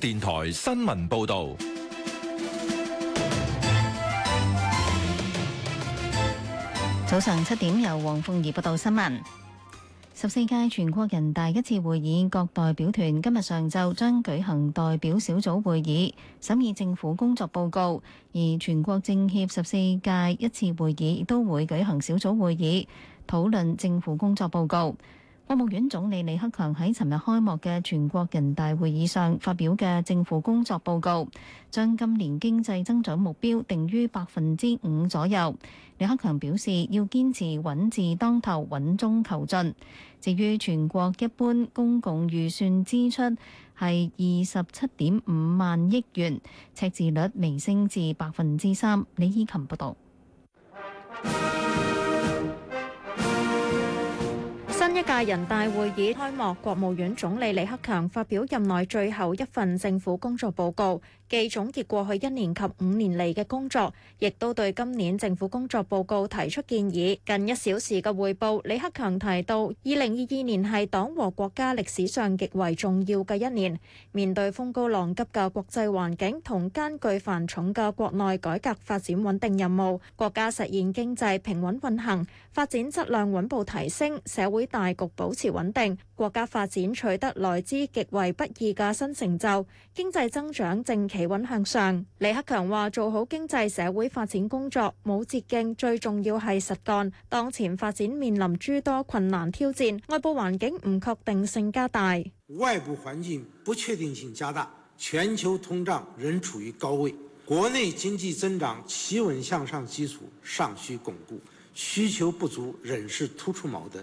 電台新聞報道：早上七點，由黃鳳儀報道新聞。十四屆全國人大一次會議，各代表團今日上晝將舉行代表小組會議，審議政府工作報告；而全國政協十四屆一次會議亦都會舉行小組會議，討論政府工作報告。國務院總理李克強喺尋日開幕嘅全國人大會議上發表嘅政府工作報告，將今年經濟增長目標定於百分之五左右。李克強表示要堅持穩字當頭，穩中求進。至於全國一般公共預算支出係二十七點五萬億元，赤字率微升至百分之三。李以琴報道。一屆人大會議開幕，國務院總理李克強發表任內最後一份政府工作報告，既總結過去一年及五年嚟嘅工作，亦都對今年政府工作報告提出建議。近一小時嘅匯報，李克強提到，二零二二年係黨和國家歷史上極為重要嘅一年，面對風高浪急嘅國際環境同艱巨繁重嘅國內改革發展穩定任務，國家實現經濟平穩運行，發展質量穩步提升，社會大大局保持穩定，國家發展取得來之極為不易嘅新成就，經濟增長正企穩向上。李克強話：做好經濟社會發展工作，冇捷徑，最重要係實幹。當前發展面臨諸多困難挑戰，外部環境唔確定性加大。外部環境不確定性加大，全球通脹仍處於高位，國內經濟增長企穩向上基礎尚需鞏固，需求不足仍是突出矛盾。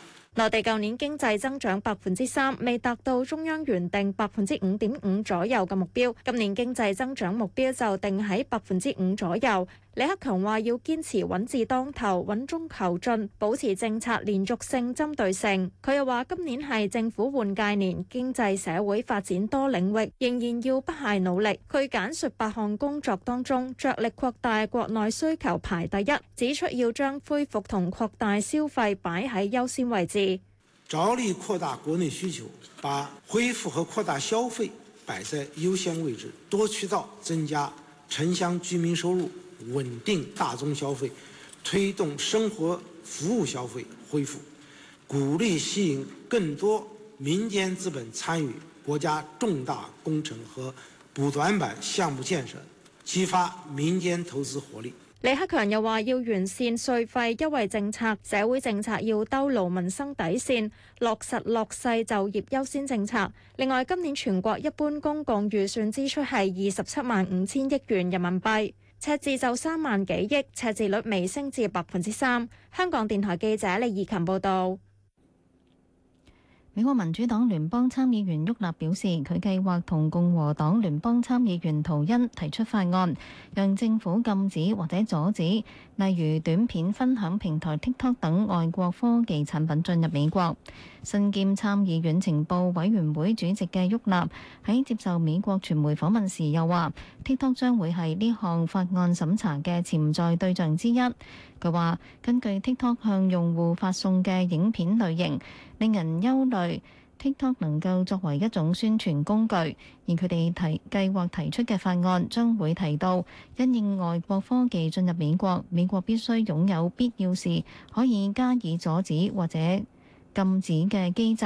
內地舊年經濟增長百分之三，未達到中央原定百分之五點五左右嘅目標。今年經濟增長目標就定喺百分之五左右。李克強話：要堅持穩字當頭，穩中求進，保持政策連續性、針對性。佢又話：今年係政府換屆年，經濟社會發展多領域仍然要不懈努力。佢簡述八項工作當中，着力擴大國內需求排第一，指出要將恢復同擴大消費擺喺優先位置，着力擴大國內需求，把恢復和擴大消費擺在優先位置，多渠道增加城鄉居民收入。穩定大宗消費，推動生活服務消費恢復，鼓勵吸引更多民間資本參與國家重大工程和補短板項目建設，激發民間投資活力。李克強又話，要完善稅費優惠政策，社會政策要兜牢民生底綫，落實落細就業優先政策。另外，今年全國一般公共預算支出係二十七萬五千億元人民幣。赤字就三萬幾億，赤字率微升至百分之三。香港電台記者李義琴報道。美國民主黨聯邦參議員沃納表示，佢計劃同共和黨聯邦參議員圖恩提出法案，讓政府禁止或者阻止，例如短片分享平台 TikTok 等外國科技產品進入美國。身兼參議院情報委員會主席嘅沃納喺接受美國傳媒訪問時又話，TikTok 將會係呢項法案審查嘅潛在對象之一。佢話：根據 TikTok 向用戶發送嘅影片類型，令人憂慮 TikTok 能夠作為一種宣傳工具。而佢哋提計劃提出嘅法案將會提到，因應外國科技進入美國，美國必須擁有必要時可以加以阻止或者禁止嘅機制。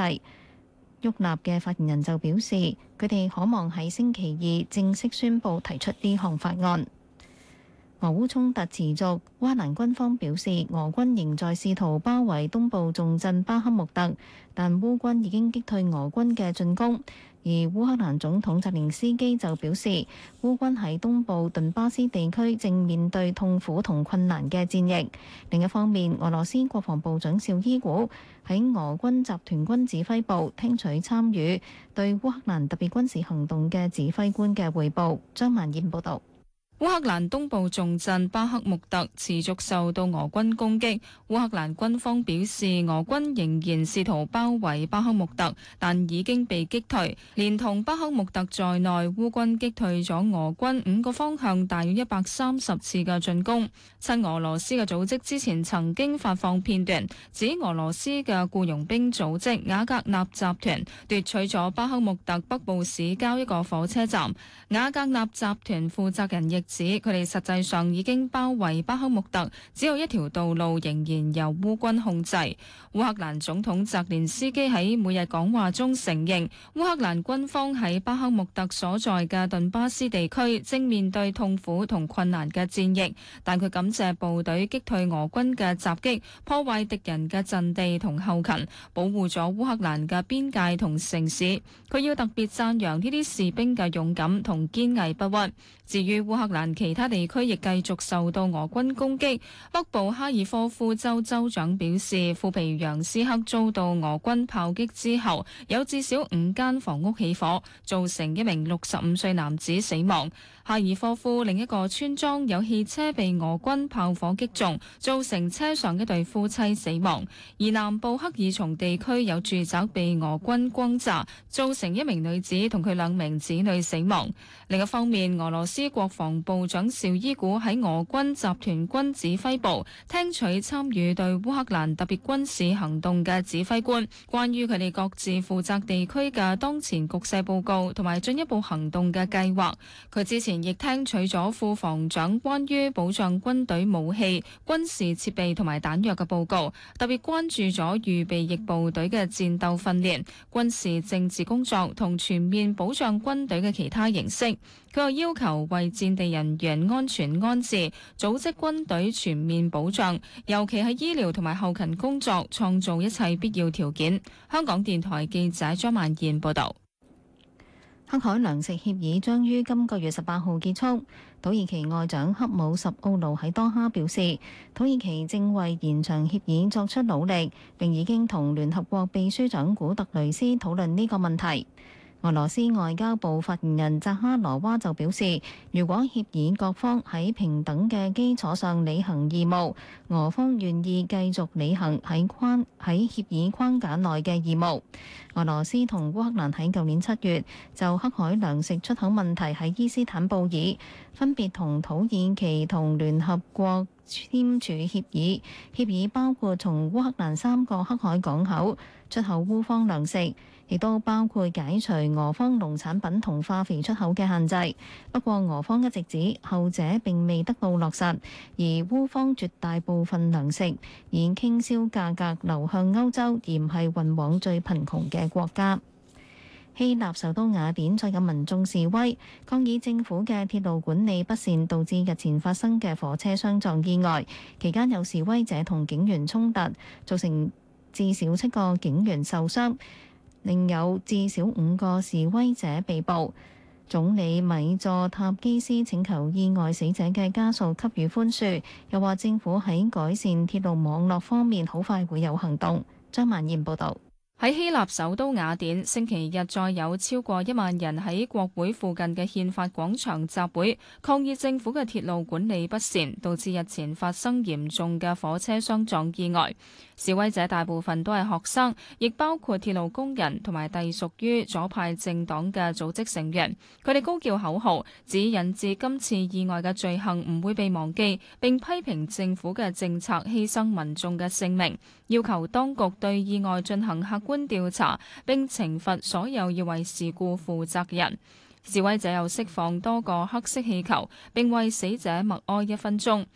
沃納嘅發言人就表示，佢哋可望喺星期二正式宣布提出呢項法案。俄烏衝突持續，烏克蘭軍方表示俄軍仍在試圖包圍東部重鎮巴克穆特，但烏軍已經擊退俄軍嘅進攻。而烏克蘭總統澤連斯基就表示，烏軍喺東部頓巴斯地區正面對痛苦同困難嘅戰役。另一方面，俄羅斯國防部長邵伊古喺俄軍集團軍指揮部聽取參與對烏克蘭特別軍事行動嘅指揮官嘅彙報。張曼燕報道。烏克蘭東部重鎮巴克穆特持續受到俄軍攻擊，烏克蘭軍方表示俄軍仍然試圖包圍巴克穆特，但已經被擊退。連同巴克穆特在內烏軍擊退咗俄軍五個方向大約一百三十次嘅進攻。親俄羅斯嘅組織之前曾經發放片段，指俄羅斯嘅僱傭兵組織雅格納集團奪取咗巴克穆特北部市郊一個火車站。雅格納集團負責人亦。指佢哋實際上已經包圍巴克穆特，只有一條道路仍然由烏軍控制。烏克蘭總統澤連斯基喺每日講話中承認，烏克蘭軍方喺巴克穆特所在嘅頓巴斯地區正面對痛苦同困難嘅戰役。但佢感謝部隊擊退俄軍嘅襲擊，破壞敵人嘅陣地同後勤，保護咗烏克蘭嘅邊界同城市。佢要特別讚揚呢啲士兵嘅勇敢同堅毅不屈。至於烏克蘭。但其他地區亦繼續受到俄軍攻擊。北部哈爾科夫州州長表示，庫皮揚斯克遭到俄軍炮擊之後，有至少五間房屋起火，造成一名六十五歲男子死亡。哈爾科夫另一個村莊有汽車被俄軍炮火擊中，造成車上一對夫妻死亡。而南部克爾松地區有住宅被俄軍轟炸，造成一名女子同佢兩名子女死亡。另一方面，俄羅斯國防。部長紹伊古喺俄軍集團軍指揮部聽取參與對烏克蘭特別軍事行動嘅指揮官關於佢哋各自負責地區嘅當前局勢報告同埋進一步行動嘅計劃。佢之前亦聽取咗副防長關於保障軍隊武器、軍事設備同埋彈藥嘅報告，特別關注咗預備役部隊嘅戰鬥訓練、軍事政治工作同全面保障軍隊嘅其他形式。佢又要求為戰地。人員安全安置，組織軍隊全面保障，尤其係醫療同埋後勤工作，創造一切必要條件。香港電台記者張曼燕報道。黑海糧食協議將於今個月十八號結束。土耳其外長黑姆什奧盧喺多哈表示，土耳其正為延長協議作出努力，並已經同聯合國秘書長古特雷斯討論呢個問題。俄羅斯外交部發言人扎哈羅娃就表示，如果協議各方喺平等嘅基礎上履行義務，俄方願意繼續履行喺框喺協議框架內嘅義務。俄羅斯同烏克蘭喺舊年七月就黑海糧食出口問題喺伊斯坦布爾，分別同土耳其同聯合國簽署協議，協議包括從烏克蘭三個黑海港口出口烏方糧食。亦都包括解除俄方農產品同化肥出口嘅限制，不過俄方一直指後者並未得到落實，而烏方絕大部分糧食以傾銷價格流向歐洲，而唔係運往最貧窮嘅國家。希臘首都雅典再有民眾示威，抗議政府嘅鐵路管理不善，導致日前發生嘅火車相撞意外。期間有示威者同警員衝突，造成至少七個警員受傷。另有至少五個示威者被捕。總理米佐塔基斯請求意外死者嘅家屬給予寬恕，又話政府喺改善鐵路網絡方面好快會有行動，張曼燕報道。喺希臘首都雅典，星期日再有超過一萬人喺國會附近嘅憲法廣場集會，抗議政府嘅鐵路管理不善，導致日前發生嚴重嘅火車相撞意外。示威者大部分都係學生，亦包括鐵路工人同埋隸屬於左派政黨嘅組織成員，佢哋高叫口號，指引致今次意外嘅罪行唔會被忘記，並批評政府嘅政策犧牲民眾嘅性命。要求當局對意外進行客觀調查，並懲罰所有要為事故負責嘅人。示威者又釋放多個黑色氣球，並為死者默哀一分鐘。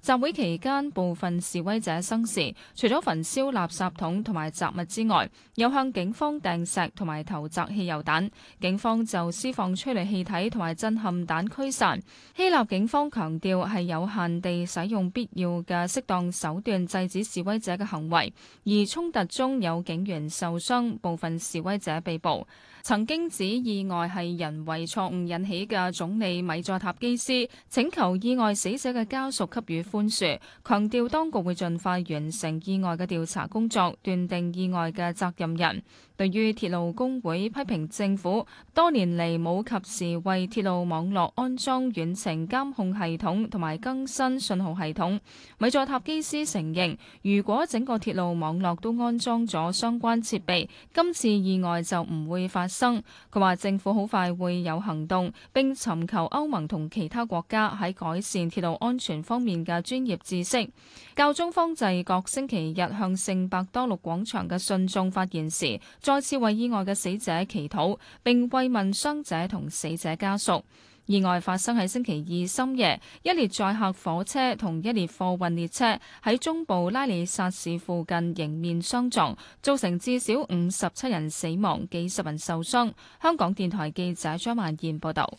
集會期間，部分示威者生事，除咗焚燒垃圾桶同埋雜物之外，又向警方掟石同埋投擲汽油彈。警方就施放催淚氣體同埋震撼彈驅散。希臘警方強調係有限地使用必要嘅適當手段制止示威者嘅行為，而衝突中有警員受傷，部分示威者被捕。曾經指意外係人為錯誤引起嘅總理米佐塔基斯請求意外死者嘅家屬給予寬恕，強調當局會盡快完成意外嘅調查工作，斷定意外嘅責任人。對於鐵路工會批評政府多年嚟冇及時為鐵路網絡安裝遠程監控系統同埋更新信號系統，米佐塔基斯承認，如果整個鐵路網絡都安裝咗相關設備，今次意外就唔會發生。生，佢話政府好快會有行動，並尋求歐盟同其他國家喺改善鐵路安全方面嘅專業知識。教宗方濟各星期日向聖伯多祿廣場嘅信眾發言時，再次為意外嘅死者祈禱，並慰問傷者同死者家屬。意外發生喺星期二深夜，一列載客火車同一列貨運列車喺中部拉里薩市附近迎面相撞，造成至少五十七人死亡、幾十人受傷。香港電台記者張曼燕報導。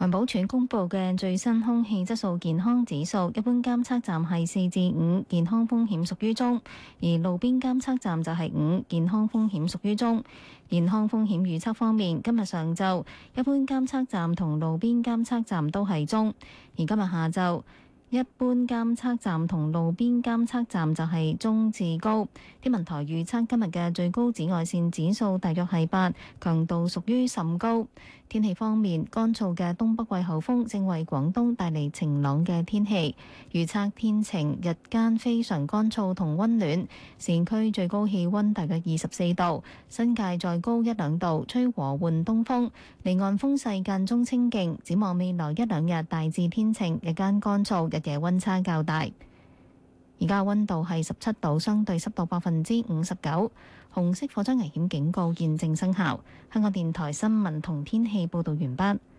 環保署公布嘅最新空氣質素健康指數，一般監測站係四至五，健康風險屬於中；而路邊監測站就係五，健康風險屬於中。健康風險預測方面，今日上晝一般監測站同路邊監測站都係中；而今日下晝一般監測站同路邊監測站就係中至高。天文台預測今日嘅最高紫外線指數大約係八，強度屬於甚高。天氣方面，乾燥嘅東北季候風正為廣東帶嚟晴朗嘅天氣。預測天晴，日間非常乾燥同温暖，市區最高氣温大概二十四度，新界再高一兩度，吹和緩東風，離岸風勢間中清勁。展望未來一兩日，大致天晴，日間乾燥，日夜温差較大。而家温度係十七度，相對濕度百分之五十九，紅色火災危險警告現正生效。香港電台新聞同天氣報導完畢。